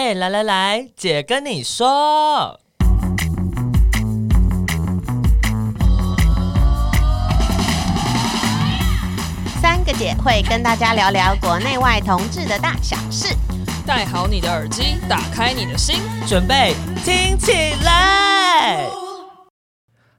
欸、來來來，姐跟你說，三個姐會跟大家聊聊國內外同志的大小事。戴好你的耳機，打開你的心，準備聽起來。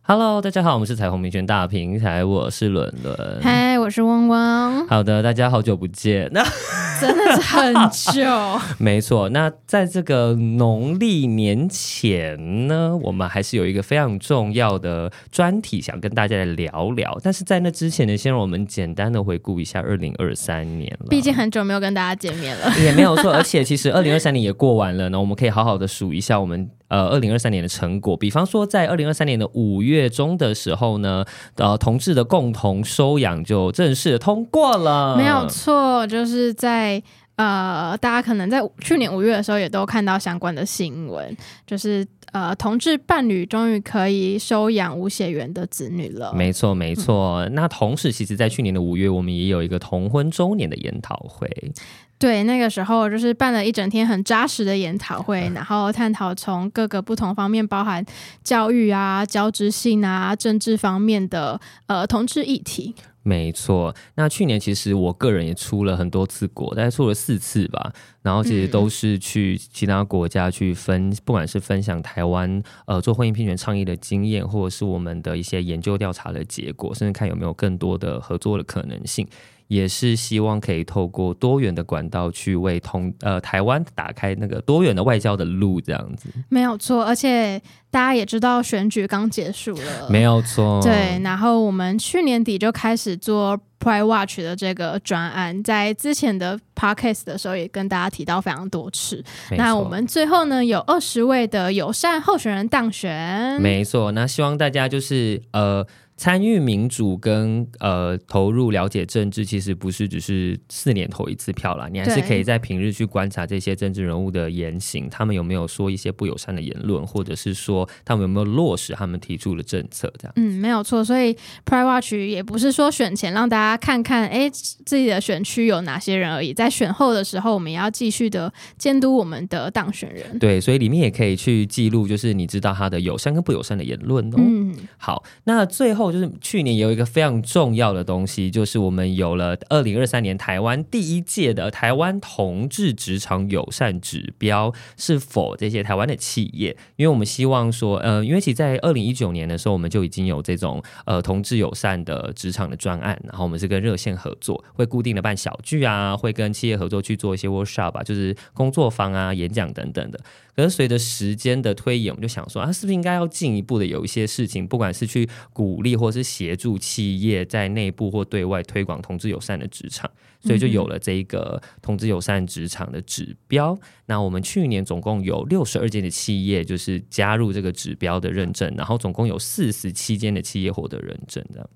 Hello，大家好，我們是彩虹平權大平台，我是倫倫，嗨，我是嗡嗡。好的，大家好久不見。 真的是很久， 沒錯。那在這個農曆年前呢，我們還是有一個非常重要的專題想跟大家來聊聊。但是在那之前呢，先讓我們簡單的回顧一下二零二三年了。畢竟很久沒有跟大家見面了，也沒有錯，而且其實二零二三年也過完了呢，那 對我們可以好好的數一下我們呃二零二三年的成果。比方說，在二零二三年的五月中的時候呢，呃，同志的共同收養就正式通過了，沒有錯，就是在。呃，大家可能在去年五月的時候也都看到相關的新聞，就是呃，同志伴侶終於可以收養無血緣的子女了。沒錯，沒錯。嗯、那同時，其實，在去年的五月，我們也有一個同婚周年的研討會。對，那個時候就是辦了一整天很紮實的研討會，嗯、然後探討從各個不同方面，包含教育啊、交織性啊、政治方面的呃同志議題。沒錯，那去年其實我個人也出了很多次國，大概出了四次吧，然後其實都是去其他國家去分，不管是分享台灣呃做婚姻平權倡議的經驗，或者是我們的一些研究調查的結果，甚至看有沒有更多的合作的可能性。也是希望可以透過多元的管道去為同呃台灣打開那個多元的外交的路，這樣子沒有錯。而且大家也知道選舉剛結束了，沒有錯。對，然後我們去年底就開始做 PrideWatch 的這個專案，在之前的 Podcast 的時候也跟大家提到非常多次。沒錯。那我們最後呢，有二十位的友善候選人當選，沒錯。那希望大家就是呃。參與民主跟呃投入了解政治，其實不是只是四年投一次票啦，你還是可以在平日去觀察這些政治人物的言行，對他們有沒有說一些不友善的言論，或者是說他們有沒有落實他們提出的政策，這樣。嗯，沒有錯。所以 PrideWatch 也不是說選前讓大家看看，哎、欸，自己的選區有哪些人而已，在選後的時候，我們也要繼續的監督我們的當選人。對，所以裡面也可以去記錄，就是你知道他的友善跟不友善的言論哦、喔。嗯，好，那最後。就是去年有一個非常重要的東西，就是我們有了二零二三年台灣第一屆的台灣同志職場友善指標，是否這些台灣的企業？因為我們希望說，呃，因為其實在二零一九年的時候，我們就已經有這種呃同志友善的職場的專案，然後我們是跟熱線合作，會固定的辦小聚啊，會跟企業合作去做一些 workshop 啊，就是工作坊啊、演講等等的。可是隨着時間的推演，我們就想說，啊，是不是應該要進一步的有一些事情，不管是去鼓勵。或是協助企業在內部或對外推廣同志友善的職場，所以就有了這個同志友善職場的指標。嗯、哼那我們去年總共有六十二間的企業就是加入這個指標的認證，然後總共有四十七間的企業獲得認證的。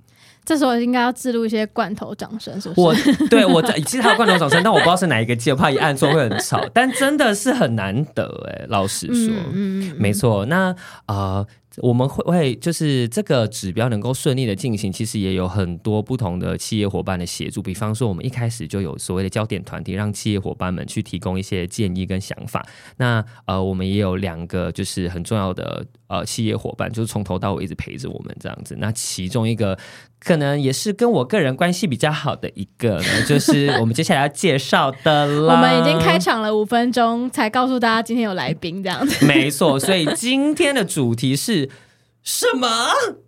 這時候應該要置入一些罐頭掌聲，是不是？我對我其實還有罐頭掌聲， 但我不知道是哪一個機，我怕一按錯會很吵。但真的是很難得誒、欸，老實說，嗯嗯嗯沒錯。那呃。我們會就是這個指標能夠順利的進行，其實也有很多不同的企業夥伴的協助。比方說，我們一開始就有所謂的焦點團體，讓企業夥伴們去提供一些建議跟想法。那呃，我們也有兩個就是很重要的呃企業夥伴，就是從頭到尾一直陪着我們這樣子。那其中一個。可能也是跟我個人關係比較好的一個呢，就是我們接下來要介紹的啦。 我們已經開場了五分鐘，才告訴大家今天有來賓這樣子。 沒錯，所以今天的主題是什麼？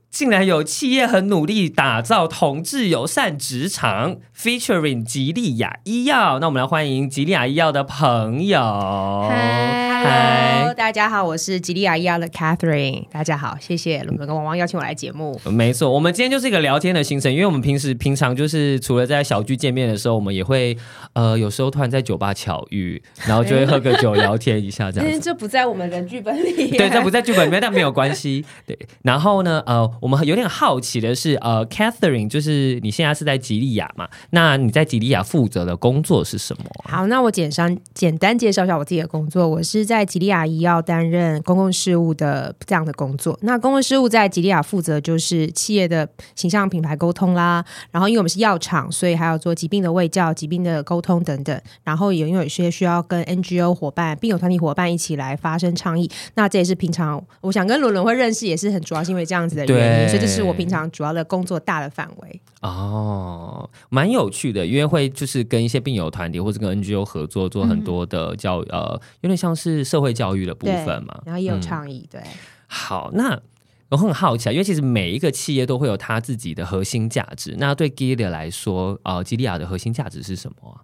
竟然有企業很努力打造同志友善職場，featuring 吉立亞醫藥。那我們來歡迎吉立亞醫藥的朋友。Hello，Hi 大家好，我是吉立亞醫藥的 Catherine。大家好，謝謝倫倫跟嗡嗡邀請我來節目。沒錯，我們今天就是一個聊天的行程，因為我們平時平常就是除了在小聚見面的時候，我們也會呃有時候突然在酒吧巧遇，然後就會喝個酒聊天一下 這樣。其實這不在我們的劇本裡， 對，這不在劇本裡面，但沒有關係。 對，然後呢，呃，我們有點好奇的是，呃，Catherine 就是你現在是在吉立亞嘛？那你在吉立亞負責的工作是什麼、啊？好，那我簡單簡單介紹一下我自己的工作，我是在。在吉立亞醫藥擔任公共事務的這樣的工作。那公共事務在吉立亞負責就是企業的形象、品牌溝通啦。然後因為我們是藥廠，所以還有做疾病的衛教、疾病的溝通等等。然後也有一些需要跟 NGO 夥伴、病友團體夥伴一起來發聲倡議。那這也是平常我想跟倫倫會認識，也是很主要是因為這樣子的原因。對所以這是我平常主要的工作大的範圍。哦，蠻有趣的，因為會就是跟一些病友團體或者跟 NGO 合作，做很多的叫、嗯、呃，有點像是。是社會教育的部分嘛，然後也有倡議，嗯、對。好，那我很好奇，因為其實每一個企業都會有它自己的核心價值。那對 Gilead 來說，呃 Gilead 的核心價值是什麼、啊？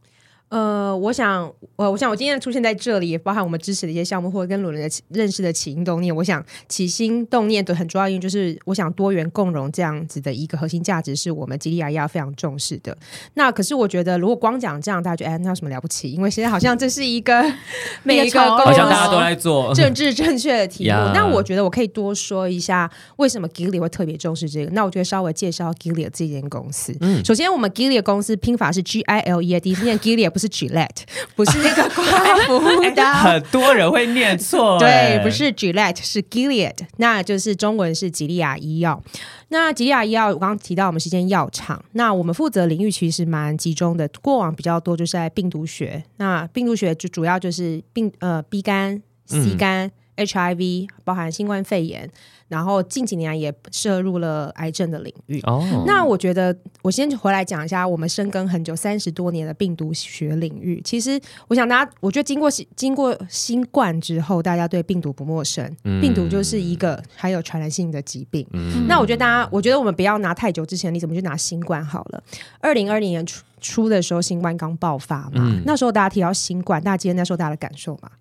呃，我想，呃，我想，我今天出現在這裡，也包含我們支持的一些項目，或者跟魯倫認識的起心動念。我想起心動念的很重要，因為就是我想多元共融這樣子的一個核心價值，是我們吉利亞 e 非常重視的。那可是我覺得，如果光講這樣，大家得哎，那有什麼了不起？因為現在好像這是一個 每一個公司大家都做政治正確的題目。那 我覺得我可以多說一下，為什麼 g i l 會特別重視這個？那我覺得稍微介紹 g i l e a 這間公司。嗯，首先我們 g i l e a 公司拼法是 G-I-L-E-A，D，今天 g i l e a 不。不是 Gillette，不是那個刮鬍刀 很多人會念錯。欸，對，不是 Gillette，是 Gilead，那就是，中文是吉立亞醫藥。那吉立亞醫藥，我剛剛提到我們是間藥廠，那我們負責領域其實蠻集中的，過往比較多就是在病毒學。那病毒學就主要就是病，呃，B 肝、C 肝、嗯、HIV，包含新冠肺炎。然後近幾年也涉入了癌症的領域。哦，oh. 那我覺得我先回來講一下我們深耕很久三十多年的病毒學領域。其實我想大家，我覺得經過經過新冠之後，大家對病毒不陌生。病毒就是一個、mm. 還有傳染性的疾病。Mm. 那我覺得大家，我覺得我們不要拿太久之前，你怎麼就拿新冠好了。二零二零年初初的時候，新冠剛爆發嘛，mm. 那時候大家提到新冠，大家記得那時候大家的感受嘛？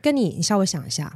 跟你，你稍微想一下，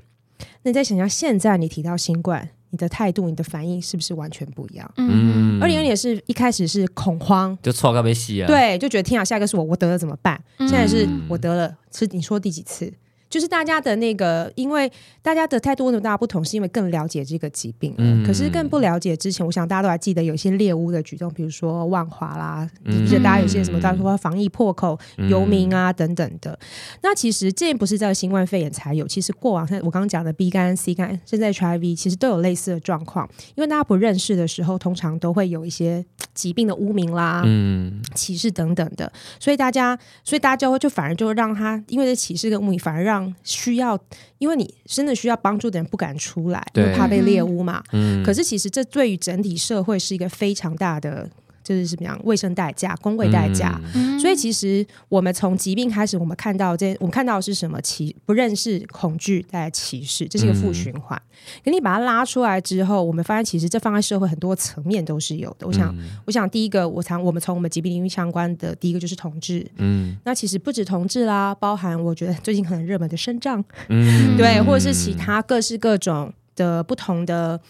那你再想一下，現在你提到新冠。你的態度、你的反應是不是完全不一樣？嗯，二零二零也是一開始是恐慌，就錯個沒戲啊！對，就覺得天啊，下一個是我，我得了怎麼辦？現在是、嗯、我得了，是你說第幾次？就是大家的那個，因為大家的態度為什麼大家不同，是因為更了解這個疾病，嗯，可是更不了解之前，我想大家都還記得有一些獵巫的舉動，比如說萬華啦，而、嗯、大家有些什麼，大家說防疫破口、嗯、遊民啊等等的。那其實這不是在新冠肺炎才有，其實過往像我剛剛講的 B 肝、C 肝，現在 HIV 其實都有類似的狀況。因為大家不認識的時候，通常都會有一些疾病的污名啦、嗯、歧視等等的，所以大家，所以大家就會就反而就讓他因為這歧視跟污名，反而讓需要，因為你真的需要幫助的人不敢出來，又對怕被獵巫嘛。嗯嗯，可是其實這對於整體社會是一個非常大的。就是什麼樣衛生代價、公衛代價，嗯、所以其實我們從疾病開始，我們看到這，我們看到的是什麼歧、不認識、恐懼帶來歧視，這是一個負循環。可、嗯、你把它拉出來之後，我們發現其實這放在社會很多層面都是有的。我想，嗯、我想第一個，我想我們從我們疾病領域相關的第一個就是同志，嗯，那其實不止同志啦，包含我覺得最近可能熱門的腎臟，嗯， 對，或者是其他各式各種的不同的。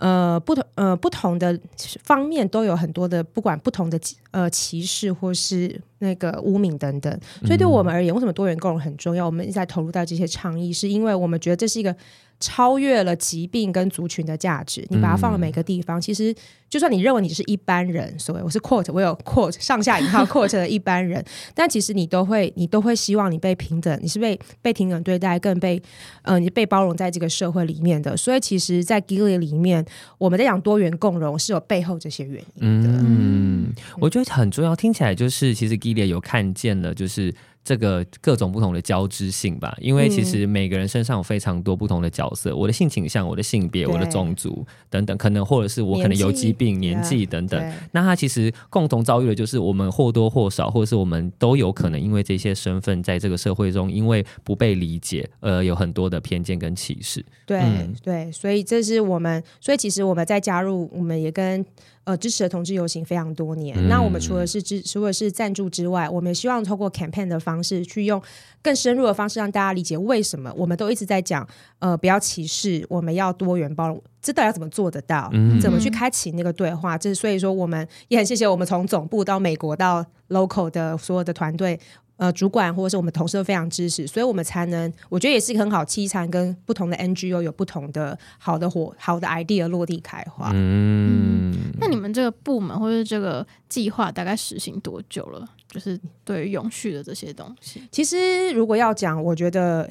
呃，不同呃不同的方面都有很多的，不管不同的呃歧視或是那個污名等等，所以對我們而言，嗯、為什麼多元共融很重要？我們一直在投入到這些倡議，是因為我們覺得這是一個。超越了疾病跟族群的價值，你把它放在每個地方。嗯、其實，就算你認為你是一般人，所謂我是 quote，我有 quote 上下一套 quote 的一般人， 但其實你都會，你都會希望你被平等，你是被被平等對待，更被嗯、呃，你被包容在這個社會裡面的。所以，其實，在 Gilead 裡面，我們在講多元共融是有背後這些原因的。嗯，嗯我覺得很重要。聽起來就是，其實 Gilead 有看見了，就是。這個各種不同的交織性吧，因為其實每個人身上有非常多不同的角色，嗯、我的性傾向、我的性別、對我的種族等等，可能或者是我可能有疾病、年紀，年紀等等。那他其實共同遭遇的就是，我們或多或少，或者是我們都有可能因為這些身份，在這個社會中，因為不被理解，而有很多的偏見跟歧視。對、嗯、對，所以這是我們，所以其實我們在加入，我們也跟。呃，支持的同志遊行非常多年。嗯、那我們除了是支，除了是贊助之外，我們也希望透過 campaign 的方式，去用更深入的方式讓大家理解為什麼我們都一直在講，呃，不要歧視，我們要多元包容，知道要怎麼做得到，嗯、怎麼去開啟那個對話。這、就是、所以說，我們也很謝謝我們從總部到美國到 local 的所有的團隊。呃，主管或者是我們同事都非常支持，所以我們才能，我覺得也是一個很好、期長跟不同的 NGO 有不同的好的活，好的 idea 落地開花。嗯、嗯，那你們這個部門或者這個計劃大概實行多久了？就是對於永續的這些東西，其實如果要講，我覺得。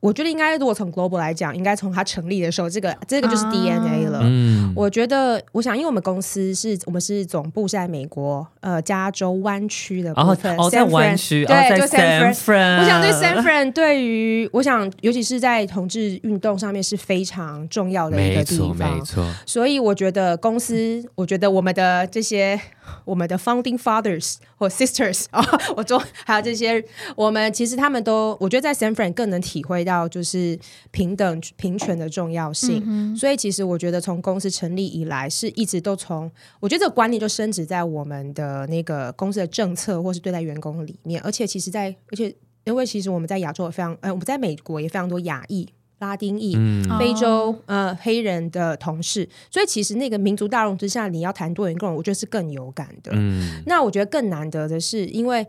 我覺得應該，如果從 global 來講，應該從它成立的時候，這個這個就是 DNA 了。啊嗯、我覺得，我想，因為我們公司是我們是總部是在美國呃加州灣區的部分，哦，哦，在灣區，對，哦、在 San Fran。我想對 San Fran 對於我想，尤其是在同志運動上面是非常重要的一個地方，沒錯，沒錯。所以我覺得公司，我覺得我們的這些我們的 founding fathers 或 sisters 啊、哦，我中還有這些，我們其實他們都我覺得在 San Fran 更能體會。要就是平等、平權的重要性，嗯、哼所以其實我覺得從公司成立以來，是一直都從我覺得這個觀念就深植，在我們的那個公司的政策，或是對待員工裡面。而且其實在，在而且因為其實我們在亞洲也非常、呃，我們在美國也非常多亞裔、拉丁裔、嗯、非洲、呃、哦、黑人的同事，所以其實那個民族大融之下，你要談多元共融，我覺得是更有感的。嗯、那我覺得更難得的是，因為。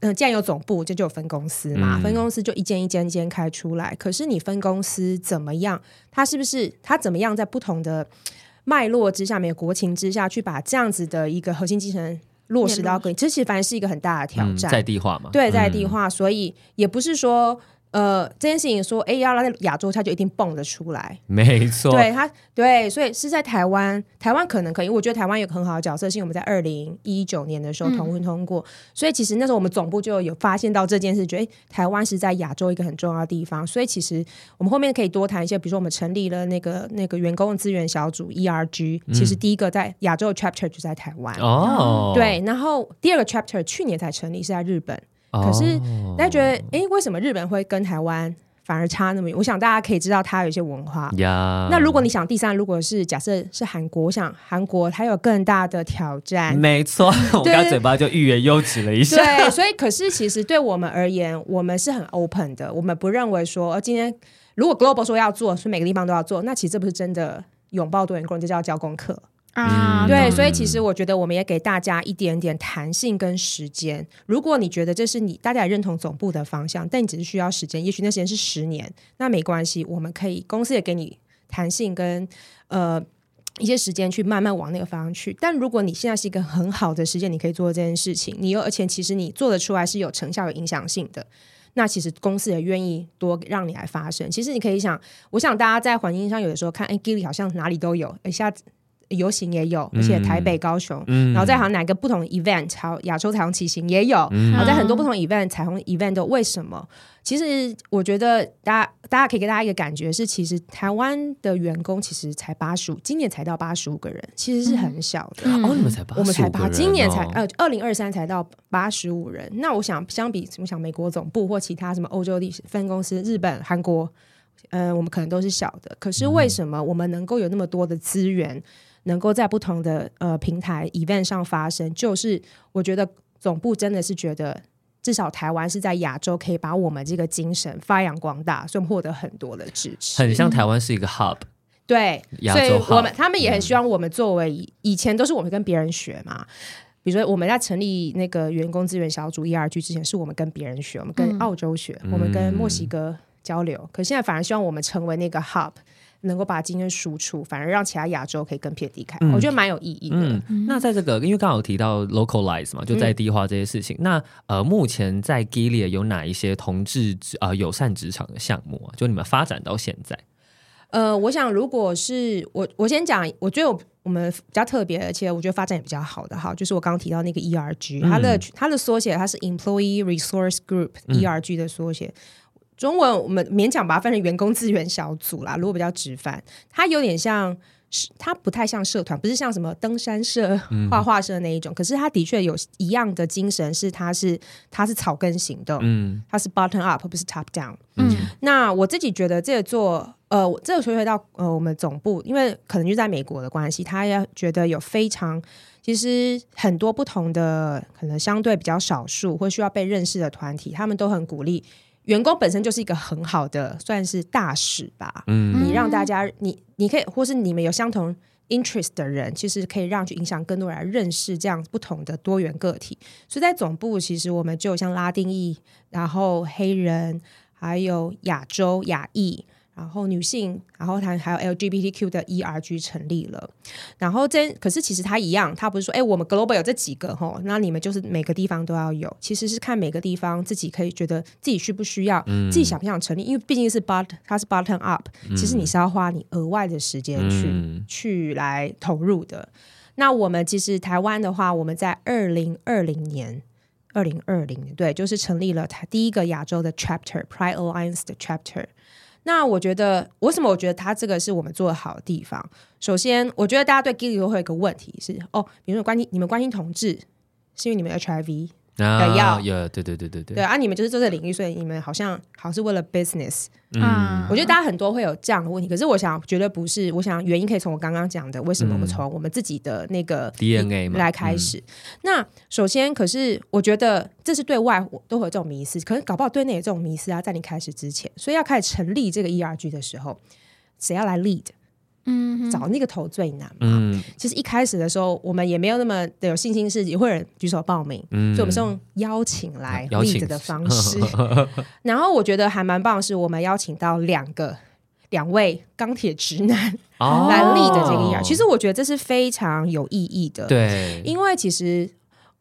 嗯，既然有總部，就就有分公司嘛。嗯、分公司就一間一間一間開出來。可是你分公司怎麼樣？它是不是它怎麼樣在不同的脈絡之下面、國情之下去把這樣子的一個核心精神落實到？其實，其實反正是一個很大的挑戰，嗯、在地化嘛？對，在地化，嗯、所以也不是說。呃，這件事情說，哎呀，要在亞洲它就一定蹦得出來，沒錯。對它，對，所以是在台灣，台灣可能可以。我覺得台灣有個很好的角色，是因為我們在二零一九年的時候通過通過，嗯、所以其實那時候我們總部就有發現到這件事，覺得台灣是在亞洲一個很重要的地方。所以其實我們後面可以多談一些，比如說我們成立了那個那個員工資源小組 ERG，、嗯、其實第一個在亞洲的 chapter 就在台灣哦，對，然後第二個 chapter 去年才成立是在日本。可是大家覺得，哎、oh. 欸，為什麼日本會跟台灣反而差那麼遠？我想大家可以知道它有一些文化。Yeah. 那如果你想第三，如果是假設是韓國，我想韓國它有更大的挑戰。沒錯錯，對我剛剛嘴巴就欲言又止了一下。對，所以可是其實對我們而言，我們是很 open 的，我們不認為說，呃、今天如果 global 說要做，所以每個地方都要做，那其實這不是真的擁抱多元文化，就叫教功課。啊，嗯嗯、對，所以其實我覺得我們也給大家一點點彈性跟時間。如果你覺得這是你大家也認同總部的方向，但你只是需要時間，也許那時間是十年，那沒關係，我們可以公司也給你彈性跟呃一些時間去慢慢往那個方向去。但如果你現在是一個很好的時間，你可以做這件事情，你又而且其實你做得出來是有成效、有影響性的，那其實公司也願意多讓你來發聲。其實你可以想，我想大家在環境上有的時候看，哎，Gilead 好像哪裡都有，一、欸、下子。遊行也有，而且台北、高雄，嗯、然後再行哪個不同 event、超亞洲彩虹騎行也有，嗯、然後在很多不同 event 彩虹 event 都。為什麼？其實我覺得大家大家，可以給大家一個感覺是，其實台灣的員工其實才八十五，今年才到八十五個人，其實是很小的。嗯、哦，你們才八，我們才八，今年才呃二零二三才到八十五人。哦、那我想相比怎麼想，美國總部或其他什麼歐洲的分公司、日本、韓國，嗯、呃，我們可能都是小的。可是為什麼我們能夠有那麼多的資源？能夠在不同的呃平台 event 上發生，就是我覺得總部真的是覺得，至少台灣是在亞洲可以把我們這個精神發揚光大，所以我們獲得很多的支持。很像台灣是一個 hub，、嗯、對，亞洲 hub，所以我們他們也很希望我們作為、嗯、以前都是我們跟別人學嘛，比如說我們在成立那個員工資源小組 ERG 之前，是我們跟別人學，我們跟澳洲學，嗯、我們跟墨西哥交流，可現在反而希望我們成為那個 hub。能夠把經驗輸出，反而讓其他亞洲可以更撇離開，嗯、我覺得蠻有意義，嗯，那在這個，因為剛剛提到 localize 嘛，就在地化這些事情。嗯、那呃，目前在 Gilead 有哪一些同志啊友、呃、善職場的項目啊？就你們發展到現在？呃，我想，如果是我，我先講，我覺得我們比較特別，而且我覺得發展也比較好的哈，就是我剛剛提到那個 ERG，它的它的縮寫它是 Employee Resource Group，ERG、嗯、的縮寫。中文我們勉強把它分成員工資源小組啦，如果比較直翻，它有點像，它不太像社團，不是像什麼登山社、畫畫、嗯、社那一種。可是它的確有一樣的精神，是它是它是草根型的，嗯，它是 bottom up 或不是 top down。嗯，嗯，那我自己覺得這個做，呃，我這個回，回到呃，我們總部，因為可能就在美國的關係，他要覺得有非常其實很多不同的，可能相對比較少數或需要被認識的團體，他們都很鼓勵。員工本身就是一個很好的，算是大使吧。嗯，你讓大家，你你可以，或是你們有相同 interest 的人，其實可以讓去影響更多人來認識這樣不同的多元個體。所以在總部，其實我們就像拉丁裔，然後黑人，還有亞洲，亞裔。然後女性，然後它還有 LGBTQ 的 ERG 成立了。然後這可是其實它一樣，它不是說哎，我們 global 有這幾個哈、哦，那你們就是每個地方都要有。其實是看每個地方自己可以覺得自己需不需要，嗯、自己想不想成立。因為畢竟是 bottom，它是 bottom up，、嗯、其實你是要花你額外的時間去、嗯、去來投入的。那我們其實台灣的話，我們在二零二零年，二零二零，對，就是成立了它第一個亞洲的 chapter Pride Alliance 的 chapter。那我覺得，為什麼我覺得他這個是我們做的好的地方？首先，我覺得大家對 Gilead 都會有一個問題是，哦，比如說關心你們關心同志，是因為你們 HIV。的 No, 要 yeah, 對對對對對。對啊，你們就是做這個領域，所以你們好像好像是為了 business。嗯，我覺得大家很多會有這樣的問題，可是我想絕對不是。我想原因可以從我剛剛講的，為什麼我們從我們自己的那個 DNA、嗯、來開始。嗯、那首先，可是我覺得這是對外我都會有這種迷思，可是搞不好對內有這種迷思啊。在你開始之前，所以要開始成立這個 ERG 的時候，誰要來 lead？嗯，找那個頭最難嘛。嗯，其實一開始的時候，我們也沒有那麼的有信心事，是也會有人舉手報名。嗯，所以我們是用邀請來立的方式。邀請 然後我覺得還蠻棒的，是我們邀請到兩個兩位鋼鐵直男、哦、來立的這個樣。其實我覺得這是非常有意義的。對，因為其實。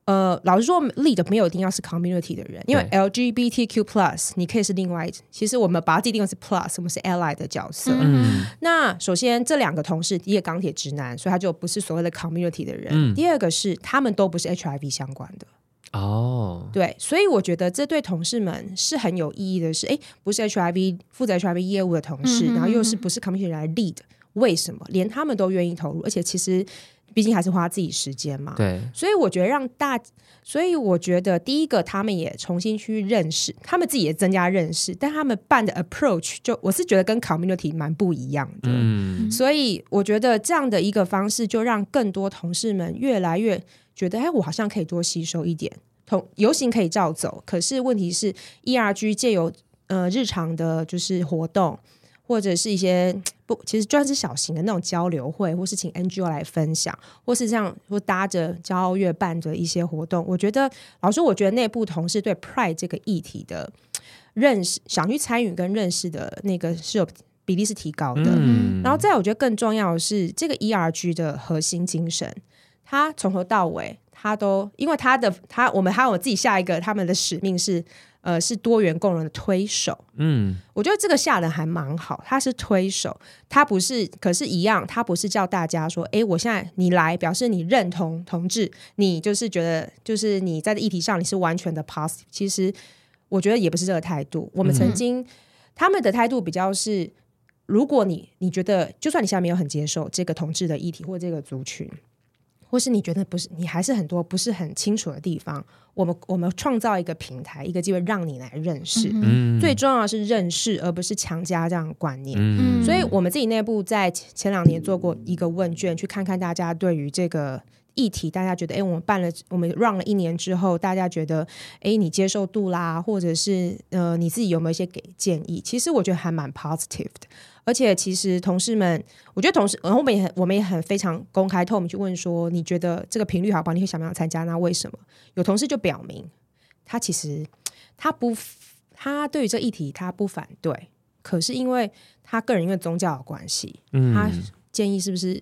呃，老實說，lead 的沒有一定要是 community 的人，因為 LGBTQ plus 你可以是另外，其實我們把它界定為是 plus，我們是 ally 的角色。Mm hmm. 那首先這兩個同事，第一個鋼鐵直男，所以他就不是所謂的 community 的人；mm hmm. 第二個是他們都不是 HIV 相關的哦。Oh. 對，所以我覺得這對同事們是很有意義的是，是、欸、哎，不是 HIV 負責 HIV 業務的同事，mm hmm. 然後又是不是 community 人來 lead。為什麼連他們都願意投入？而且其實，畢竟還是花自己時間嘛。對，所以我覺得讓大，所以我覺得第一個，他們也重新去認識，他們自己也增加認識，但他們辦的 approach 就我是覺得跟 community 蠻不一樣的。嗯，所以我覺得這樣的一個方式，就讓更多同事們越來越覺得，哎，我好像可以多吸收一點。同遊行可以照走，可是問題是，ERG 借由呃日常的就是活動。或者是一些不，其實就算是小型的那種交流會，或是請 NGO 來分享，或是這樣，或是搭着驕傲月辦的一些活動。我覺得，老師，我覺得內部同事對 Pride 這個議題的認識，想去參與跟認識的那個是有比例是提高的。嗯、然後，再我覺得更重要的是，這個 ERG 的核心精神，他從頭到尾，他都因為他的他，我們還有我自己下一個他們的使命是，呃，是多元共融的推手。嗯，我覺得這個下人還蠻好，他是推手，他不是，可是一樣，他不是叫大家說，哎，我現在你來表示你認同同志，你就是覺得，就是你在議題上你是完全的 pass。其實我覺得也不是這個態度，我們曾經、嗯、他們的態度比較是，如果你你覺得就算你現在沒有很接受這個同志的議題或這個族群，或是你覺得不是你還是很多不是很清楚的地方，我們我們創造一個平台一個機會讓你來認識，嗯、哼最重要的是認識，而不是強加這樣的觀念。嗯、所以，我們自己內部在前兩年做過一個問卷，去看看大家對於這個議題，大家覺得，哎，我們辦了，我們 run 了一年之後，大家覺得，哎，你接受度啦，或者是呃，你自己有沒有一些給建議？其實我覺得還蠻 positive 的。而且其實同事們，我覺得同事，然後我們也很，我們也很非常公開透明去問說，你覺得這個頻率好不好？你會想不想參加？那為什麼？有同事就表明，他其實他不，他對於這議題他不反對，可是因為他個人因為宗教的關係，嗯，他建議是不是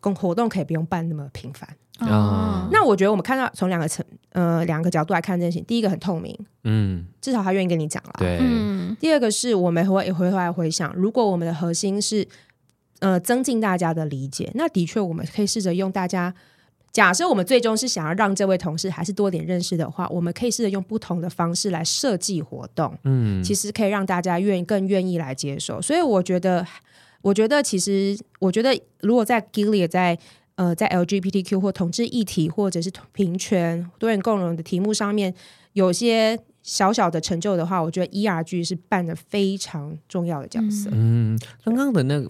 公活動可以不用辦那麼頻繁。啊，oh. 那我覺得我們看到從兩個層呃兩個角度來看這件事情，第一個很透明，嗯，至少他願意跟你講了，對，嗯、第二個是我們回回過來回想，如果我們的核心是呃增進大家的理解，那的確我們可以試着用大家假設我們最終是想要讓這位同事還是多點認識的話，我們可以試着用不同的方式來設計活動，嗯，其實可以讓大家願意更願意來接受。所以我覺得，我覺得其實我覺得如果在 Gilead 在呃，在 LGBTQ 或同志議題，或者是平權、多元共融的題目上面，有些小小的成就的話，我覺得 ERG 是扮演非常重要的角色。嗯,對嗯，剛剛的那個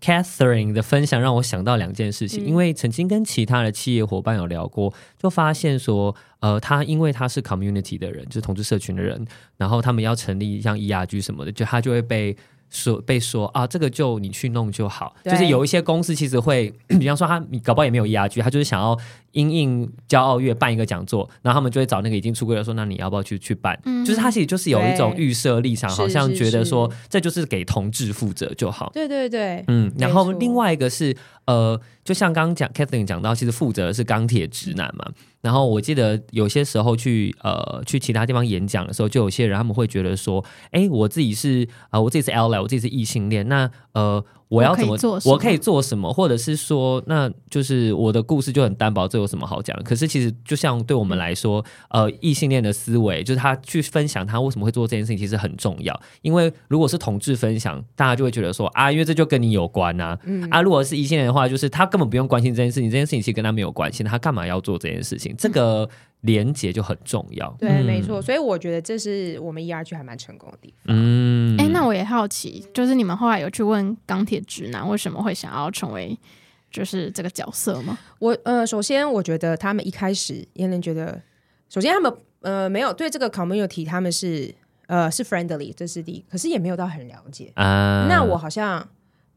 Catherine 的分享讓我想到兩件事情，嗯、因為曾經跟其他的企業夥伴有聊過，就發現說，呃，他因為他是 Community 的人，就是同志社群的人，然後他們要成立像 ERG 什麼的，就他就會被。說被說啊，這個就你去弄就好，對就是有一些公司其實會，比方說他，搞不好也沒有 ERG，他就是想要。因應驕傲月辦一個講座，然後他們就會找那個已經出櫃了，說：“那你要不要去去辦？”嗯、哼就是他其實就是有一種預設立場，對好像覺得說是是是這就是給同志負責就好。對對對，嗯。然後另外一個是錯呃，就像剛剛講 Catherine 講到，其實負責的是鋼鐵直男嘛。然後我記得有些時候去呃去其他地方演講的時候，就有些人他們會覺得說：“哎，我自己是啊、呃，我自己是 ally 我自己是異、e、性戀。”那呃，我要怎麼做？我可以做什麼？或者是說，那就是我的故事就很單薄，這有什麼好講的？可是其實，就像對我們來說，呃，異性戀的思維就是他去分享他為什麼會做這件事情，其實很重要。因為如果是同志分享，大家就會覺得說啊，因為這就跟你有關啊。嗯、啊，如果是異性戀的話，就是他根本不用關心這件事情，這件事情其實跟他沒有關係，他幹嘛要做這件事情？嗯、這個連結就很重要。對，嗯、沒錯。所以我覺得這是我們 ERG 還蠻成功的地方。嗯。那我也好奇，就是你們後來有去問鋼鐵直男為什麼會想要成為就是這個角色嗎？我呃，首先我覺得他們一開始也能覺得，首先他們呃沒有對這個 community 他們是呃是 friendly 這是第一，可是也沒有到很了解啊。Uh、那我好像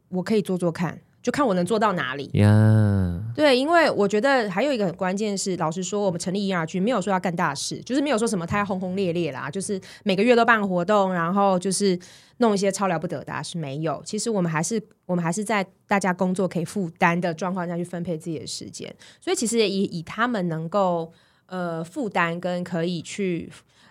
我可以做做看。就看我能做到哪裡。Yeah. 對，因為我覺得還有一個很關鍵是，是老實說，我們成立 E R G 沒有說要幹大事，就是沒有說什麼太要轟轟烈烈啦，就是每個月都辦活動，然後就是弄一些超了不得的、啊，是沒有。其實我們還是我們還是在大家工作可以負擔的狀況下去分配自己的時間，所以其實以以他們能夠呃負擔跟可以去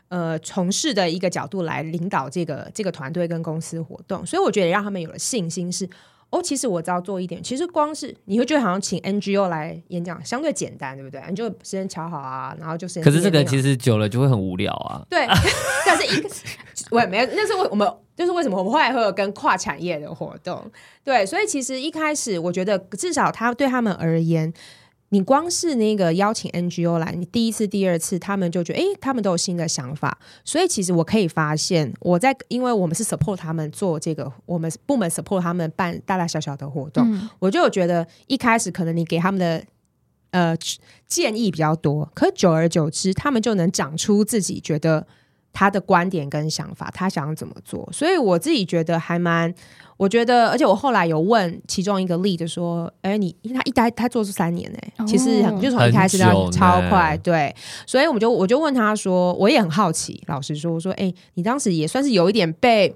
呃從事的一個角度來領導這個這個團隊跟公司活動，所以我覺得讓他們有了信心是。哦，其實我知道做一點，其實光是你會覺得好像請 NGO 來演講相對簡單，對不對？你就時間挑好啊，然後就是。可是這個其實久了就會很無聊啊。對，啊、但是一我也沒有。那是我我們就是為什麼我們後來會有跟跨產業的活動？對，所以其實一開始我覺得至少他對他們而言。你光是那個邀請 NGO 來，你第一次、第二次，他們就覺得，哎、欸，他們都有新的想法。所以其實我可以發現，我在因為我們是 support 他們做這個，我們部門 support 他們辦大大小小的活動，嗯、我就覺得一開始可能你給他們的呃建議比較多，可久而久之，他們就能長出自己覺得。他的觀點跟想法，他想怎麼做？所以我自己覺得還蠻……我覺得，而且我後來有問其中一個 leader，說：“哎、欸，你他一待他做出三年呢、欸，哦、其實就從一開始到超快，對。所以我就我就問他說，我也很好奇，老實說，我說：哎、欸，你當時也算是有一點被，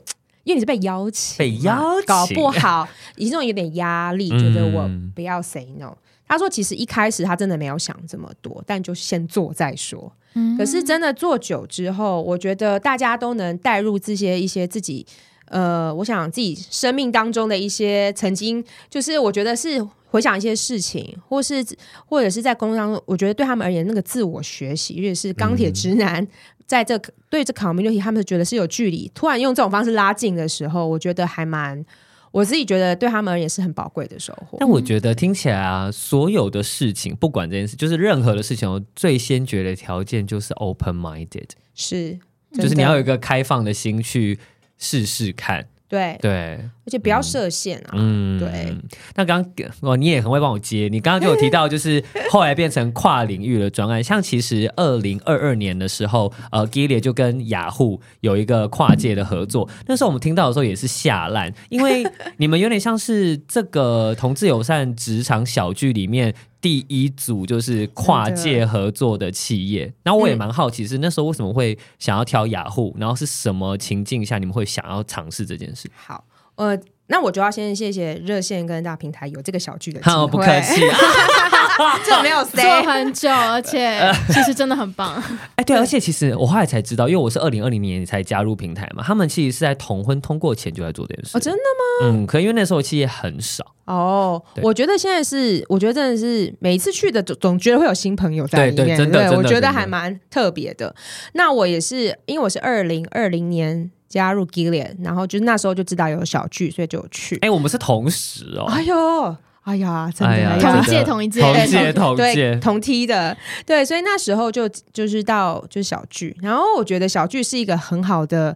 因為你是被邀請，被邀請，搞不好這 種有點壓力，覺得我不要 say no。嗯、他說，其實一開始他真的沒有想這麼多，但就先做再說。”可是真的做久之後，嗯、哼我覺得大家都能帶入這些一些自己，呃，我想自己生命當中的一些曾經，就是我覺得是回想一些事情，或是或者是在工作當中，我覺得對他們而言，那個自我學習，尤其是鋼鐵直男，嗯、哼在這對這 community，他們覺得是有距離，突然用這種方式拉近的時候，我覺得還蠻。我自己覺得對他們而言，是很寶貴的收穫。但我覺得聽起來啊，嗯、所有的事情，不管這件事，就是任何的事情，我最先決的條件就是 open minded，是，就是你要有一個開放的心去試試看。對對，對而且不要設限啊！嗯，對。那剛剛哦，你也很會幫我接。你剛剛就有提到，就是後來變成跨領域的專案， 像其實二零二二年的時候，呃，Gilead 就跟雅虎、ah、有一個跨界的合作。那時候我們聽到的時候也是嚇爛，因為你們有點像是這個同志友善職場小聚裡面。第一組就是跨界合作的企業，那我也蠻好奇，是那時候為什麼會想要挑雅虎、ah 嗯，然後是什麼情境下你們會想要嘗試這件事？好，呃，那我就要先謝謝熱線跟大平台有這個小聚的機好會，不客氣。 就沒有 say s a y 做很久，而且其實真的很棒。哎， 欸、對、啊，而且其實我後來才知道，因為我是二零二零年才加入平台嘛，他們其實是在同婚通過前就在做這件事。哦，真的嗎？嗯，可能因為那時候其實也很少。哦，對我覺得現在是，我覺得真的是每一次去的總總覺得會有新朋友在裡面，對對，對，對？我覺得還蠻特別的。真的真的，那我也是，因為我是二零二零年加入 Gilead，然後就是那時候就知道有小聚，所以就有去。哎、欸，我們是同時哦。哎呦。哎呀，真的，同一屆，同一屆，同屆，同屆，同梯的，對，所以那時候就就是到就是小聚，然後我覺得小聚是一個很好的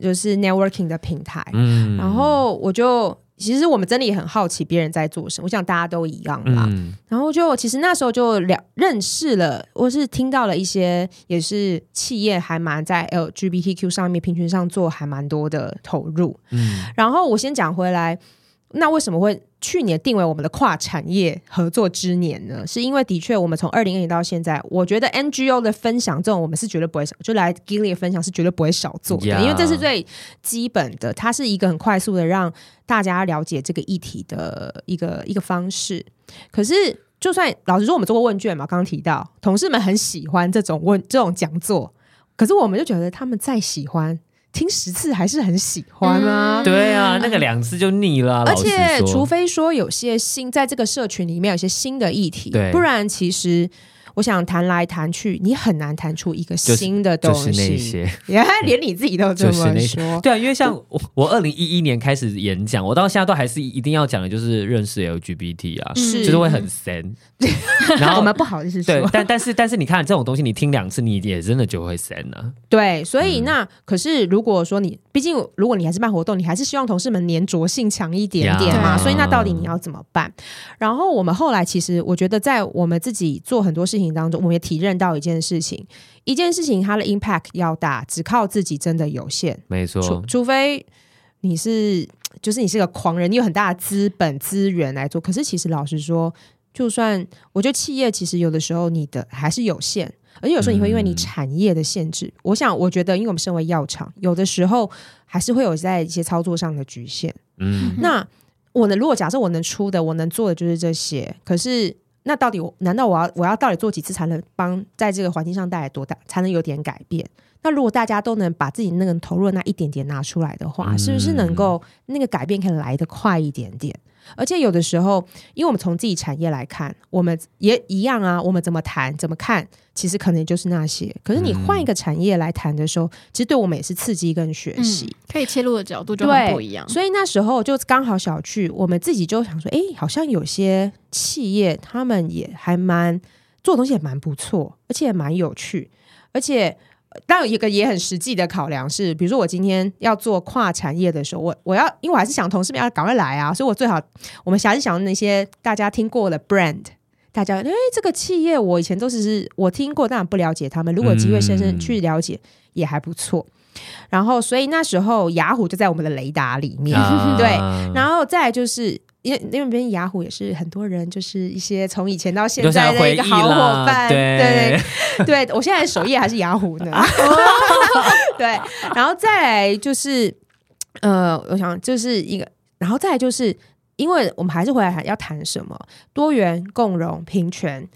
就是 networking 的平台，嗯，然後我就其實我們真的也很好奇別人在做什麼，我想大家都一樣嘛，然後就其實那時候就了認識了，我是聽到了一些也是企業還蠻在 LGBTQ 上面平權上做還蠻多的投入，嗯，然後我先講回來，那為什麼會？去年定為我們的跨產業合作之年呢，是因為的確我們從二零二零到現在，我覺得 NGO 的分享這種我們是絕對不會少就來 Gilead 分享是絕對不會少做的，Yeah. 因為這是最基本的，它是一個很快速的讓大家了解這個議題的一個一個方式。可是，就算老實說，我們做過問卷嘛，剛剛提到同事們很喜歡這種問這種講座，可是我們就覺得他們再喜歡。聽十次還是很喜歡啊！嗯、對啊，那個兩次就膩了。嗯、而且，除非說有些新在這個社群裡面有些新的議題，對不然其實。我想談來談去，你很難談出一個新的東西。就是那些。連你自己都這麼說，對啊，因為像我，我二零一一年開始演講， 我到現在都還是一定要講的，就是認識 LGBT 啊，是就是會很 s n 然後我們不好意思說，對但但是但是，你看，看這種東西，你聽兩次你也真的就會 s n 了，啊。對，所以那 可是如果說你，畢竟如果你還是辦活動，你還是希望同事們粘着性強一點點嘛，啊。Yeah. 所以那到底你要怎麼辦？然後我們後來其實我覺得，在我們自己做很多事情。當中，我們也體認到一件事情，一件事情它的 impact 要大，只靠自己真的有限。沒錯。除，除非你是，就是你是個狂人，你有很大的資本資源來做。可是，其實老實說，就算我覺得企業其實有的時候你的還是有限，而且有時候你會因為你產業的限制，嗯、我想，我覺得，因為我們身為藥廠，有的時候還是會有在一些操作上的局限。嗯，那我能，如果假設我能出的，我能做的就是這些。可是。那到底我難道我要我要到底做幾次，才能幫在這個環境上帶來多大，才能有點改變？那如果大家都能把自己那個投入的那一點點拿出來的話，是不是能夠那個改變可以來得快一點點？嗯、而且有的時候，因為我們從自己產業來看，我們也一樣啊。我們怎麼談、怎麼看，其實可能就是那些。可是你換一個產業來談的時候，嗯、其實對我們也是刺激跟學習、嗯，可以切入的角度就會不一樣。所以那時候就剛好小聚，我們自己就想說，哎、欸，好像有些企業他們也還蠻做東西，也蠻不錯，而且也蠻有趣，而且。但有一個也很實際的考量是，比如說我今天要做跨產業的時候，我我要，因為我還是想同事們要趕快來啊，所以我最好我們想一想那些大家聽過的 brand，大家，哎、欸，這個企業我以前都是我聽過，但不了解他們，如果有機會深深去了解，嗯，也還不錯。然後，所以那時候雅虎，ah，就在我們的雷達裡面，啊，對，然後再就是。因為因為畢竟，雅虎也是很多人，就是一些從以前到現在的一個好夥伴，對，對對，對, 對，我現在的首頁還是雅虎呢， 對。然後再來就是，呃，我想就是一個，然後再來就是，因為我們還是回來還要談什麼多元、共榮、平權。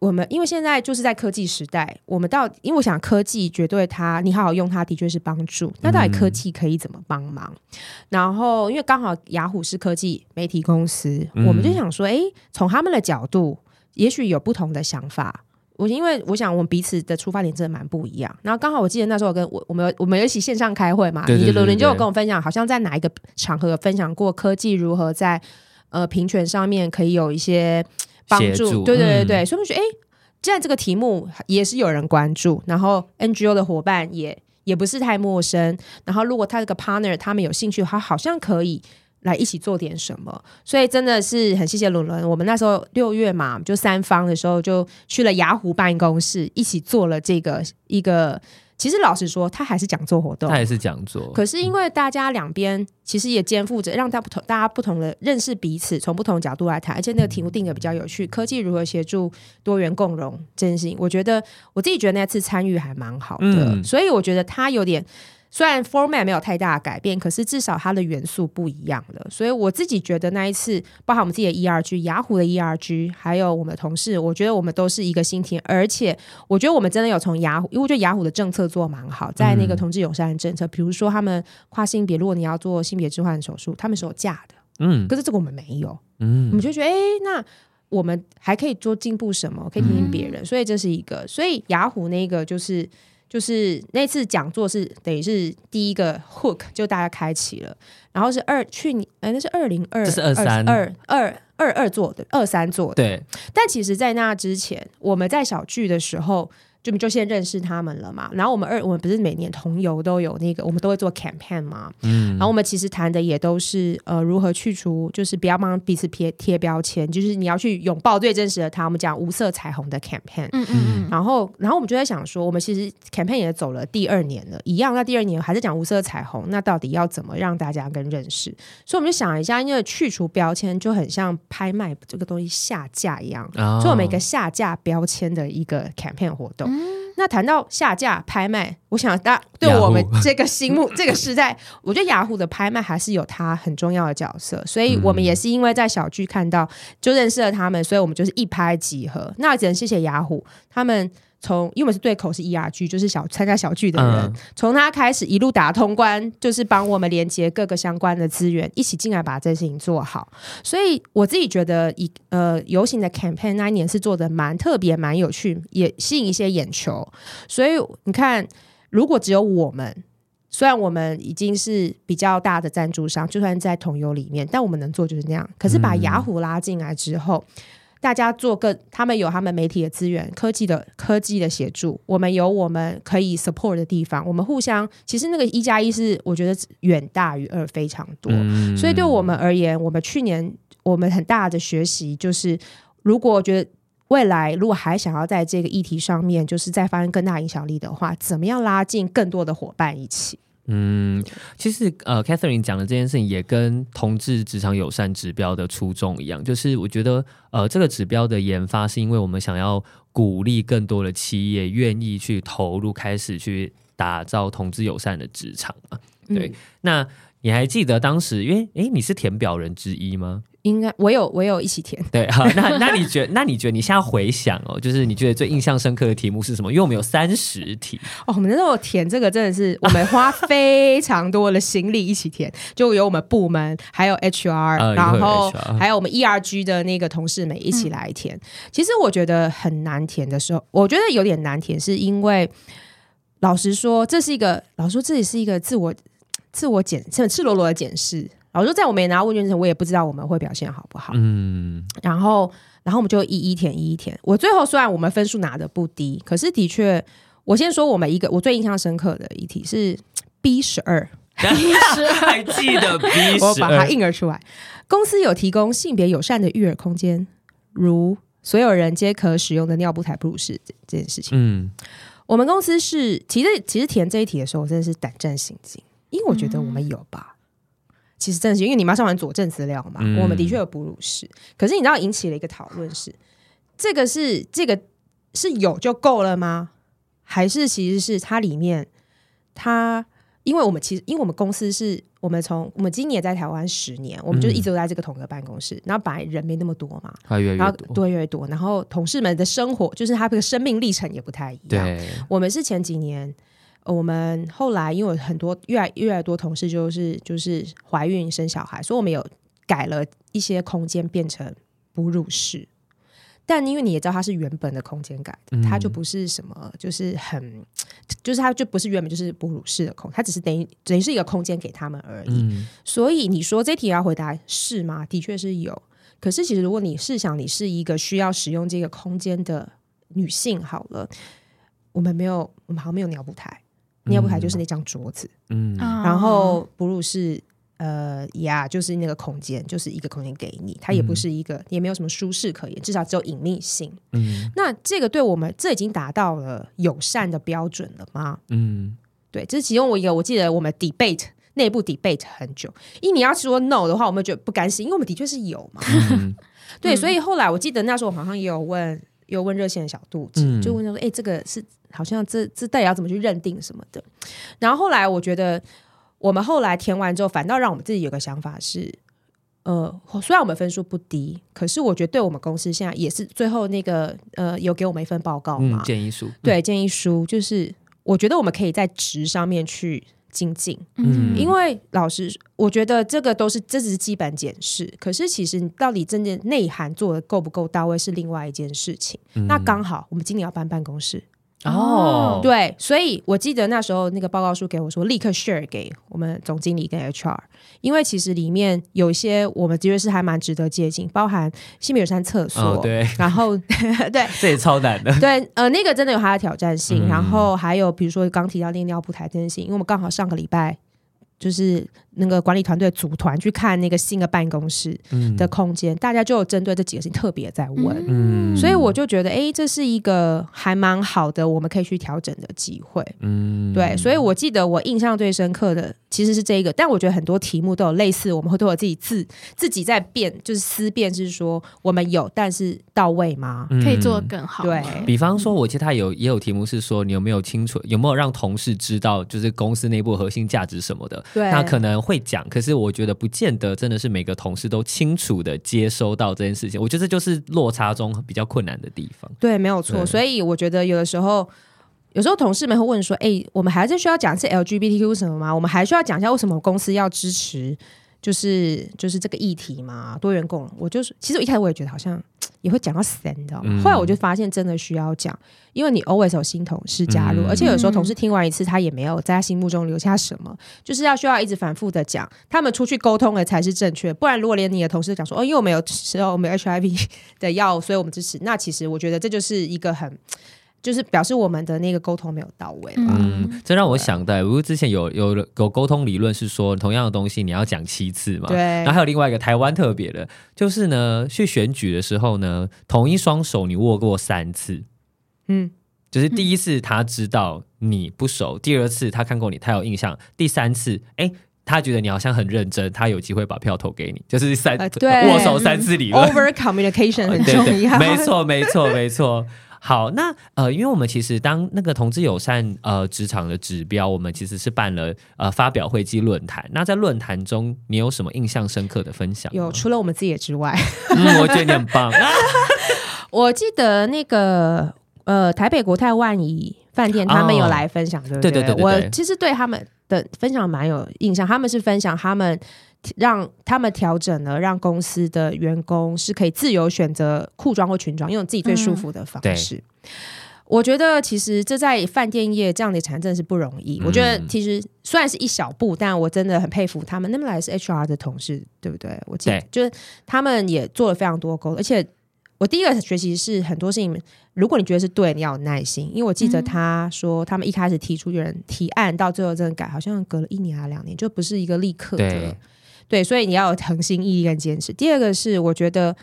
我們因為現在就是在科技時代，我們到因為我想科技絕對它你好好用它的，的確是幫助。那到底科技可以怎麼幫忙？嗯、然後因為剛好雅虎是科技媒體公司，嗯、我們就想說，誒，從他們的角度，也許有不同的想法。我因為我想我們彼此的出發點真的蠻不一樣。然後剛好我記得那時候我跟我我們有我們有一起線上開會嘛，你就，就有跟我分享，好像在哪一個場合分享過科技如何在呃平權上面可以有一些。幫助，協助，對對對對，所以我覺得，哎，既然這個題目也是有人關注，然後 NGO 的夥伴也也不是太陌生，然後如果他這個 partner 他們有興趣，他好像可以來一起做點什麼。所以真的是很謝謝倫倫，我們那時候六月嘛，就三方的時候就去了雅虎辦公室，一起做了這個一個。其實老實說，他還是講座活動，他也是講座。可是因為大家兩邊其實也肩負着讓大家不同、大家不同的認識彼此，從不同的角度來談，而且那個題目定的比較有趣，嗯、科技如何協助多元共融，真心我覺得我自己覺得那次參與還蠻好的，嗯、所以我覺得他有點。雖然 format 沒有太大改變，可是至少它的元素不一樣了。所以我自己覺得那一次，包含我們自己的 E R G、雅虎的 E R G，還有我們的同事，我覺得我們都是一個心情。而且我覺得我們真的有從雅虎，因為我覺得雅虎的政策做蠻好，在那個同志友善的政策，嗯、比如說他們跨性別，如果你要做性別置換手術，他們是有假的。嗯，可是這個我們沒有。嗯，我們就覺得哎，那我們還可以做進步什麼？可以聽聽別人。嗯、所以這是一個，所以雅虎那個就是。就是那次講座是等於是第一個 hook，就大家開啟了，然後是二去年哎，那是二零二，這是二二二二二做的，二三做的。對但其實，在那之前，我們在小聚的時候。就就先認識他們了嘛，然後我們二我們不是每年同遊都有那個，我們都會做 campaign 嘛，嗯、然後我們其實談的也都是呃如何去除，就是不要幫彼此貼貼標籤，就是你要去擁抱最真實的他。我們講無色彩虹的 campaign，、嗯嗯、然後然後我們就在想說，我們其實 campaign 也走了第二年了，一樣，那第二年還是講無色彩虹，那到底要怎麼讓大家更認識？所以我們就想一下，因為去除標籤就很像拍賣這個東西下架一樣，做每、哦、個下架標籤的一個 campaign 活動。嗯那談到下架拍賣，我想大、啊、對我們這個心目，雅虎 這個時代，我覺得雅虎的拍賣還是有它很重要的角色，所以我們也是因為在小劇看到就認識了他們，所以我們就是一拍即合，那只能謝謝雅虎他們。從因為我們是對口是 ERG，就是小參加小聚的人，從、嗯、他開始一路打通關，就是幫我們連接各個相關的資源，一起進來把這事情做好。所以我自己覺得以，以呃遊行的 campaign 那一年是做的蠻特別、蠻有趣，也吸引一些眼球。所以你看，如果只有我們，雖然我們已經是比較大的贊助商，就算在同遊裡面，但我們能做就是那樣。可是把雅虎、ah、拉進來之後，嗯大家做個，他們有他們媒體的資源，科技的科技的協助，我們有我們可以 support 的地方，我們互相，其實那個一加一是我覺得遠大於二，非常多。嗯。所以對我們而言，我們去年我們很大的學習就是，如果我覺得未來如果還想要在這個議題上面，就是再發生更大影響力的話，怎麼樣拉近更多的夥伴一起？嗯，其實呃，Catherine 講的這件事情也跟同志職場友善指標的初衷一樣，就是我覺得呃，這個指標的研發是因為我們想要鼓勵更多的企業願意去投入，開始去打造同志友善的職場嘛。對，嗯、那。你還記得當時，因為哎、欸，你是填表人之一嗎？應該我有，我有一起填。對，好、 uh,，那那你覺得，那你覺得你現在回想哦，就是你覺得最印象深刻的題目是什麼？因為我們有三十題哦，我們那時候填這個真的是我們花非常多的心力一起填， 就有我們部門，還有 HR，、啊、然後有 H R 還有我們 ERG 的那個同事們一起來填。嗯、其實我覺得很難填的時候，我覺得有點難填，是因為老實說，這是一個老實說，這裡是一個自我。自我檢，赤赤裸裸的檢視。然後，在我沒拿到問卷之前，我也不知道我們會表現好不好。嗯。然後，然後我們就一一填，一一填。我最後雖然我們分數拿的不低，可是的確，我先說我們一個我最印象深刻的一題是 B 十二，B 十二還記得 B 十二， 我把它印了出來。公司有提供性別友善的育兒空間，如所有人皆可使用的尿布台、哺乳室這這件事情。嗯。我們公司是其實其實填這一題的時候，我真的是膽戰心驚。因為我覺得我們有吧，嗯、其實真的是，因為你媽上完佐證資料嘛，嗯、我們的確有哺乳室。可是你知道引起了一個討論是，這個是這個是有就夠了嗎？還是其實是它裡面它因為我們其實因為我們公司是我們從我們今年在台灣十年，我們就是一直都在這個同一個辦公室，嗯、然後本來人沒那麼多嘛，它越來越多然後對，越來越多，然後同事們的生活就是他這個生命歷程也不太一樣。對我們是前幾年。我們後來因為很多越來越來越多同事就是就是懷孕生小孩，所以我們有改了一些空間變成哺乳室。但因為你也知道它，是原本的空間改的，它、嗯、就不是什麼就是很就是它就不是原本就是哺乳室的空，它只是等於等於是一個空間給他們而已。嗯、所以你說這題要回答是嗎？的確是有，可是其實如果你試想你是一個需要使用這個空間的女性，好了，我們沒有我們好像沒有尿布台。你要尿布台就是那張桌子，嗯嗯、然後哺乳室，呃，呀、yeah,，就是那個空間，就是一個空間給你，它也不是一個，嗯、也沒有什麼舒適可言，至少只有隱秘性。嗯、那這個對我們，這已經達到了友善的標準了嗎？嗯，對，這是其中我一個，我記得我們 debate 內部 debate 很久，因為你要說 no 的話，我們就覺得不甘心，因為我們的確是有嘛。嗯、 對，嗯、所以後來我記得那時候我好像也有問，有問熱線的小肚子，嗯、就問他說：“哎、欸，這個是？”好像這這到底要怎麼去認定什麼的？然後後來我覺得，我們後來填完之後，反倒讓我們自己有個想法是，呃，雖然我們分數不低，可是我覺得對我們公司現在也是最後那個呃，有給我們一份報告嘛，嗯、建議書。嗯、對，建議書就是我覺得我們可以在職上面去精進，嗯，因為老師我覺得這個都是這只是基本檢視，可是其實你到底真正內涵做的夠不夠到位是另外一件事情。嗯、那剛好我們今年要搬辦,辦公室。哦，對，所以我記得那時候那個報告書給我說，我立刻 share 給我們總經理跟 HR，因為其實裡面有一些我們的確是還蠻值得借鑑，包含性別友善廁所，哦、對，然後 對，這也超難的，對，呃，那個真的有它的挑戰性，嗯、然後還有比如說剛提到那個尿布台這件事情，因為我們剛好上個禮拜就是。那個管理團隊組團去看那個新的辦公室的空間，嗯、大家就有針對這幾個事情特別在問，嗯、所以我就覺得，哎、欸，這是一個還蠻好的，我們可以去調整的機會。嗯，對，所以我記得我印象最深刻的其實是這一個，但我覺得很多題目都有類似，我們會都有自己自自己在變，就是思變思辨，就是說我們有，但是到位嗎？可以做得更好。對，比方說，我其他有也有題目是說，你有沒有清楚，有沒有讓同事知道，就是公司內部核心價值什麼的？對，那可能。會講，可是我覺得不見得真的是每個同事都清楚的接收到這件事情。我覺得這就是落差中比較困難的地方。對，沒有錯。嗯、所以我覺得有的時候，有時候同事們會問說：“哎，我們還是需要講一次 LGBTQ 什麼嗎？我們還需要講一下為什麼公司要支持，就是就是這個議題嘛？多元共。”我就是，其實我一開始我也覺得好像。也會講到三的、哦，後來我就發現真的需要講，因為你 always 有新同事加入，嗯、而且有時候同事聽完一次，他也沒有在他心目中留下什麼，就是要需要一直反覆的講，他們出去溝通了才是正確，不然如果連你的同事講說哦，因為我沒有吃哦，我沒有 HIV 的藥，所以我們支持，那其實我覺得這就是一個很。就是表示我們的那個溝通沒有到位。嗯，這讓我想到，對如果之前有有有溝通理論，是說，同樣的東西你要講七次嘛。對。然後還有另外一個台灣特別的，就是呢，去選舉的時候呢，同一雙手你握過三次。嗯。就是第一次他知道你不熟，嗯、第二次他看過你，他有印象，第三次，哎、欸，他覺得你好像很認真，他有機會把票投給你。就是三次對握手三次理論、嗯。Over communication 對很重要。沒錯，沒錯，沒錯。 好，那呃，因為我們其實當那個同志友善呃職場的指標，我們其實是辦了呃發表會暨論壇。那在論壇中，你有什麼印象深刻的分享？有，除了我們自己之外、 嗯，我覺得你很棒。 我記得那個呃，台北國泰萬怡飯店他們有來分享，哦、對不對？對對對。我其實對他們的分享蠻有印象，他們是分享他們。讓他們調整了，讓公司的員工是可以自由選擇褲裝或裙裝，用自己最舒服的方式。嗯、我覺得其實這在飯店業這樣的產業是不容易。嗯、我覺得其實雖然是一小步，但我真的很佩服他們。那麼來是 HR 的同事，對不對？我記得對就是他們也做了非常多溝通，而且我第一個學習是很多事情，如果你覺得是對，你要有耐心。因為我記得他說、嗯、他們一開始提出有人提案，到最後真的改，好像隔了一年還、啊、兩年，就不是一個立刻的。對對，所以你要有恆心毅力跟堅持。第二個是，我覺得，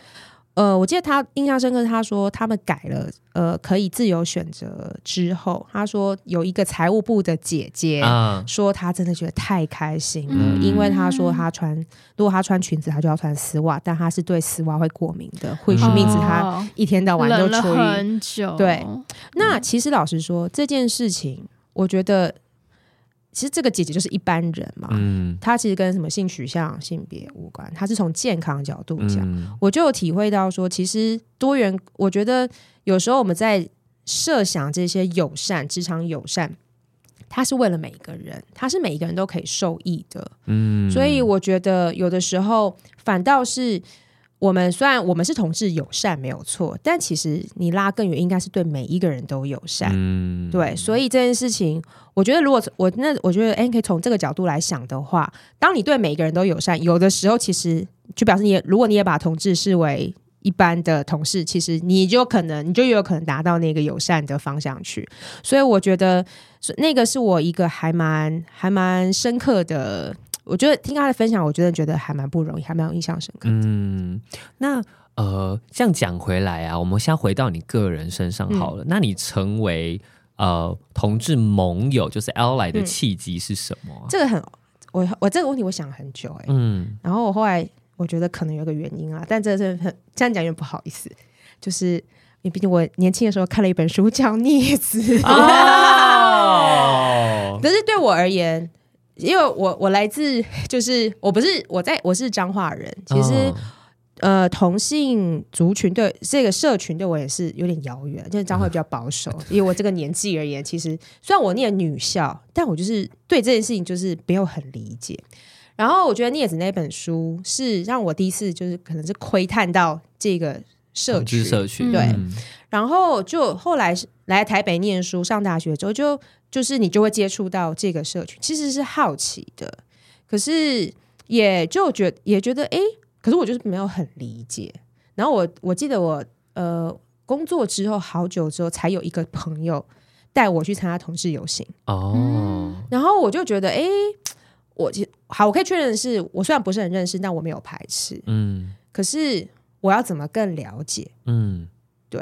呃，我記得他印象深刻，他說他們改了，呃，可以自由選擇之後，他說有一個財務部的姐姐，嗯、說她真的覺得太開心了，嗯、因為她說她穿，嗯、如果她穿裙子，她就要穿絲襪，但她是對絲襪會過敏的，或許因此她一天到晚就穿很久。對，那其實老實說，嗯、這件事情，我覺得。其實這個姐姐就是一般人嘛，嗯，她其實跟什麼性取向、性別無關，她是從健康角度講。嗯，我就有體會到說，其實多元，我覺得有時候我們在設想這些友善、職場友善，它是為了每一個人，它是每一個人都可以受益的。嗯，所以我覺得有的時候反倒是。我們雖然我們是同志友善沒有錯，但其實你拉更遠，應該是對每一個人都友善。嗯、對，所以這件事情，我覺得如果我那我覺得，哎，可以從這個角度來想的話，當你對每一個人都友善，有的時候其實就表示你也，如果你也把同志視為一般的同事，其實你就可能你就有可能達到那個友善的方向去。所以我覺得，那個是我一個還蠻還蠻深刻的。我覺得聽他的分享，我覺得覺得還蠻不容易，還蠻有印象深刻。嗯，那呃，這樣講回來啊，我們先回到你個人身上好了。嗯、那你成為呃同志盟友，就是 ally 的契機是什麼、啊嗯？這個很，我我這個問題我想了很久、欸、嗯。然後我後來我覺得可能有個原因啊，但這是很這樣講有點不好意思，就是你畢竟我年輕的時候看了一本書叫《逆子》、哦， 但是對我而言。因為我我來自就是我不是我在我是彰化人。其實、哦、呃同性族群對這個社群對我也是有點遙遠，就是彰化比較保守。哦、以我這個年紀而言，其實雖然我念女校，但我就是對這件事情就是沒有很理解。然後我覺得孽子那本書是讓我第一次就是可能是窺探到這個社群社群對，嗯、然後就後來來台北念書上大學之後就。就是你就會接觸到這個社群，其實是好奇的，可是也就覺得也覺得哎、欸，可是我就是沒有很理解。然後我我記得我呃工作之後好久之後，才有一個朋友帶我去參加同志遊行哦、嗯。然後我就覺得哎、欸，我好，我可以確認的是我雖然不是很認識，但我沒有排斥，嗯。可是我要怎麼更了解？嗯，對。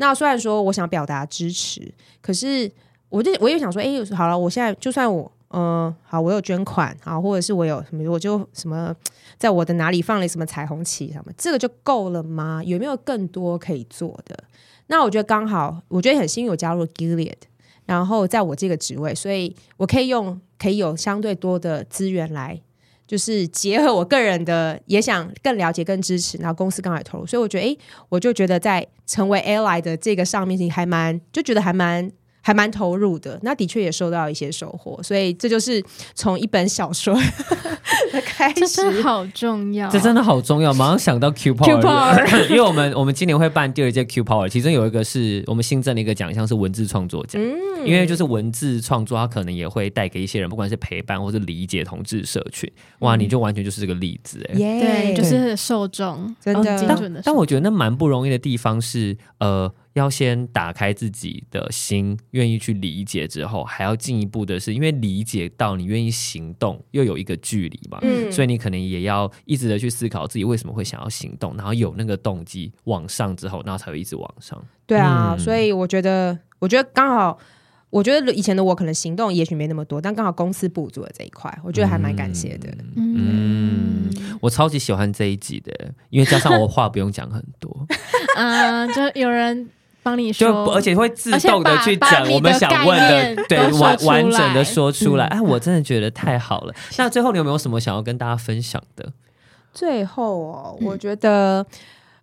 那雖然說我想表達支持，可是。我就我也想說，哎、欸，好了，我現在就算我，嗯、呃，好，我有捐款啊，或者是我有什麼，我就什麼，在我的哪裡放了什麼彩虹旗什麼，這個就夠了嗎？有沒有更多可以做的？那我覺得剛好，我覺得很幸運，我加入 Gilead，然後在我這個職位，所以我可以用可以有相對多的資源來，就是結合我個人的，也想更了解、更支持，然後公司剛好也投入，所以我覺得，哎、欸，我就覺得在成為 Ally 的這個上面還，還蠻就覺得還蠻。還蠻投入的，那的確也收到一些收穫，所以這就是從一本小說的開始，真的好重要，啊，這真的好重要。馬上想到 Q Power，Q Power 因為我們我們今年會辦第二屆 Q Power，其中有一個是我們新增的一個獎項是文字創作獎，嗯、因為就是文字創作，它可能也會帶給一些人，不管是陪伴或是理解同志社群，哇，你就完全就是這個例子耶，欸。嗯、對，對就是受眾真的，哦，精準的但。但我覺得那蠻不容易的地方是呃，要先打開自己的心，願意去理解之後，還要進一步的是，因為理解到你願意行動，又有一個距離嘛，嗯，所以你可能也要一直的去思考自己為什麼會想要行動，然後有那個動機往上之後，然後才會一直往上。對啊，嗯、所以我覺得，我覺得剛好，我覺得以前的我可能行動也許沒那麼多，但剛好公司補足的這一塊，我覺得還蠻感謝的。嗯，對嗯，我超級喜歡這一集的，因為加上我話不用講很多，嗯、 呃，就有人。就而且會自動的去講我們想問的，對，完完整的說出來。哎、嗯啊，我真的覺得太好了。嗯、那最後你有沒有什麼想要跟大家分享的？最後哦，我覺得，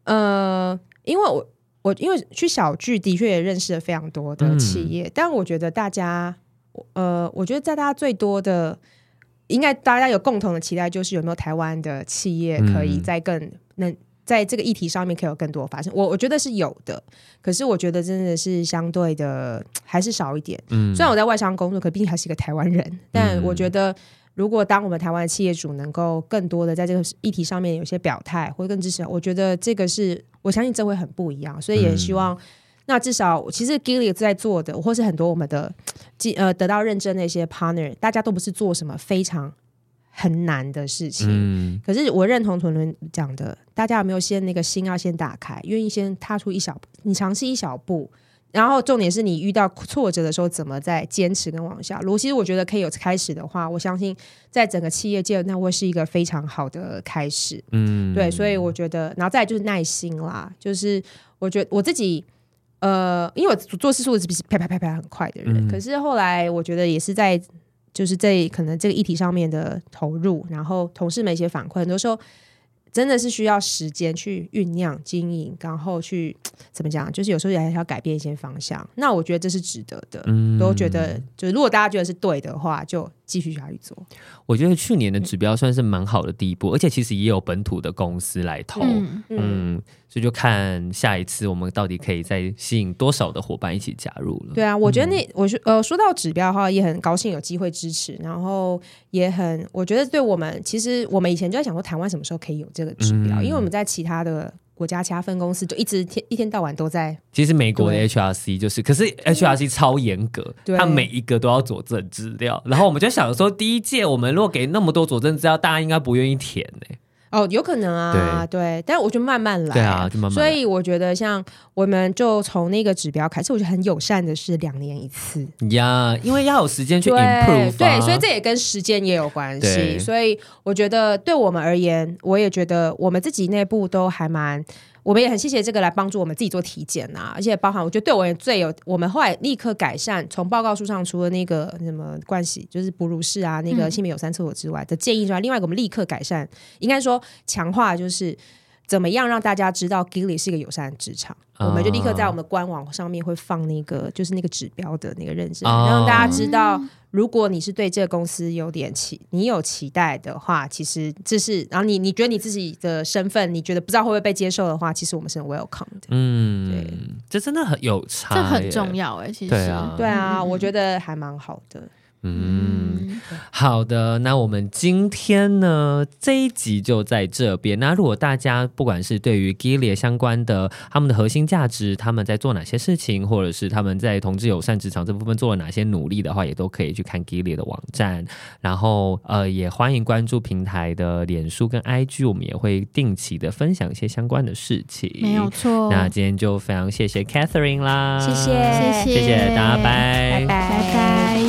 嗯、呃，因為我我因為去小聚的確也認識了非常多的企業，嗯、但我覺得大家，呃，我覺得在大家最多的，應該大家有共同的期待就是有沒有台灣的企業可以再更能。嗯在這個議題上面可以有更多的發生，我我覺得是有的，可是我覺得真的是相對的還是少一點。嗯，雖然我在外商工作，可畢竟還是一個台灣人，但我覺得如果當我們台灣的企業主能夠更多的在這個議題上面有些表態，或者更支持。我覺得這個是，我相信這會很不一樣。所以也希望，嗯、那至少其實 Gilead 在做的，或是很多我們的呃得到認證的一些 partner，大家都不是做什麼非常。很難的事情，嗯、可是我認同倫倫講的，大家有沒有先那個心要先打開，願意先踏出一小步，你嘗試一小步，然後重點是你遇到挫折的時候怎麼再堅持跟往下。如果其實我覺得可以有開始的話，我相信在整個企業界那會是一個非常好的開始。嗯，對，所以我覺得，然後再就是耐心啦，就是我覺得我自己，呃，因為我做事速度是啪啪啪啪很快的人，嗯、可是後來我覺得也是在。就是在可能這個議題上面的投入，然後同事們一些反饋，很多時候真的是需要時間去醞釀、經營，然後去怎麼講，就是有時候也還要改變一些方向。那我覺得這是值得的，都覺得就是如果大家覺得是對的話，就，繼續下去做，我覺得去年的指標算是蠻好的第一步，嗯、而且其實也有本土的公司來投，嗯，嗯，嗯，所以就看下一次我們到底可以再吸引多少的夥伴一起加入了。對啊，我覺得那、嗯、我說呃，說到指標的話，也很高興有機會支持，然後也很我覺得對我們，其實我們以前就在想說，台灣什麼時候可以有這個指標，嗯、因為我們在其他的。國家其他分公司就一直天一天到晚都在。其實美國的 HRC 就是，對可是 HRC 超嚴格，對它每一個都要佐證資料。對然後我們就想說，第一屆我們如果給那麼多佐證資料，大家應該不願意填欸。哦，有可能啊，對，對，但我就慢慢來，對啊，就慢慢。所以我覺得，像我們就從那個指標開始，我覺得很友善的是兩年一次呀，yeah, 因為要有時間去 improve，啊，對，對，所以這也跟時間也有關係。對，所以我覺得，對我們而言，我也覺得我們自己內部都還蠻。我們也很謝謝這個來幫助我們自己做體檢吶、啊，而且包含我覺得對我也最有，我們後來立刻改善。從報告書上除了那個什麼關係，就是哺乳室啊，那個性別友善廁所之外的建議之外，嗯、另外一個我們立刻改善，應該說強化就是。怎麼樣讓大家知道 GILEAD 是一個友善的職場？哦、我們就立刻在我們的官網上面會放那個，就是那個指標的那個認證，哦、讓大家知道，嗯、如果你是對這個公司有點期，你有期待的話，其實這是，然後你你覺得你自己的身份，你覺得不知道會不會被接受的話，其實我們是 welcome 的。嗯，對，這真的很有差，這很重要哎，其實對啊，嗯嗯我覺得還蠻好的。嗯，好的。那我們今天呢，這一集就在這邊。那如果大家不管是對於 GILEAD 相關的他們的核心價值，他們在做哪些事情，或者是他們在同志友善職場這部分做了哪些努力的話，也都可以去看 GILEAD 的網站。然後呃，也歡迎關注平台的臉書跟 IG，我們也會定期的分享一些相關的事情。沒有錯。那今天就非常謝謝 Catherine 啦，謝謝謝謝謝謝大家，拜拜拜拜。拜拜。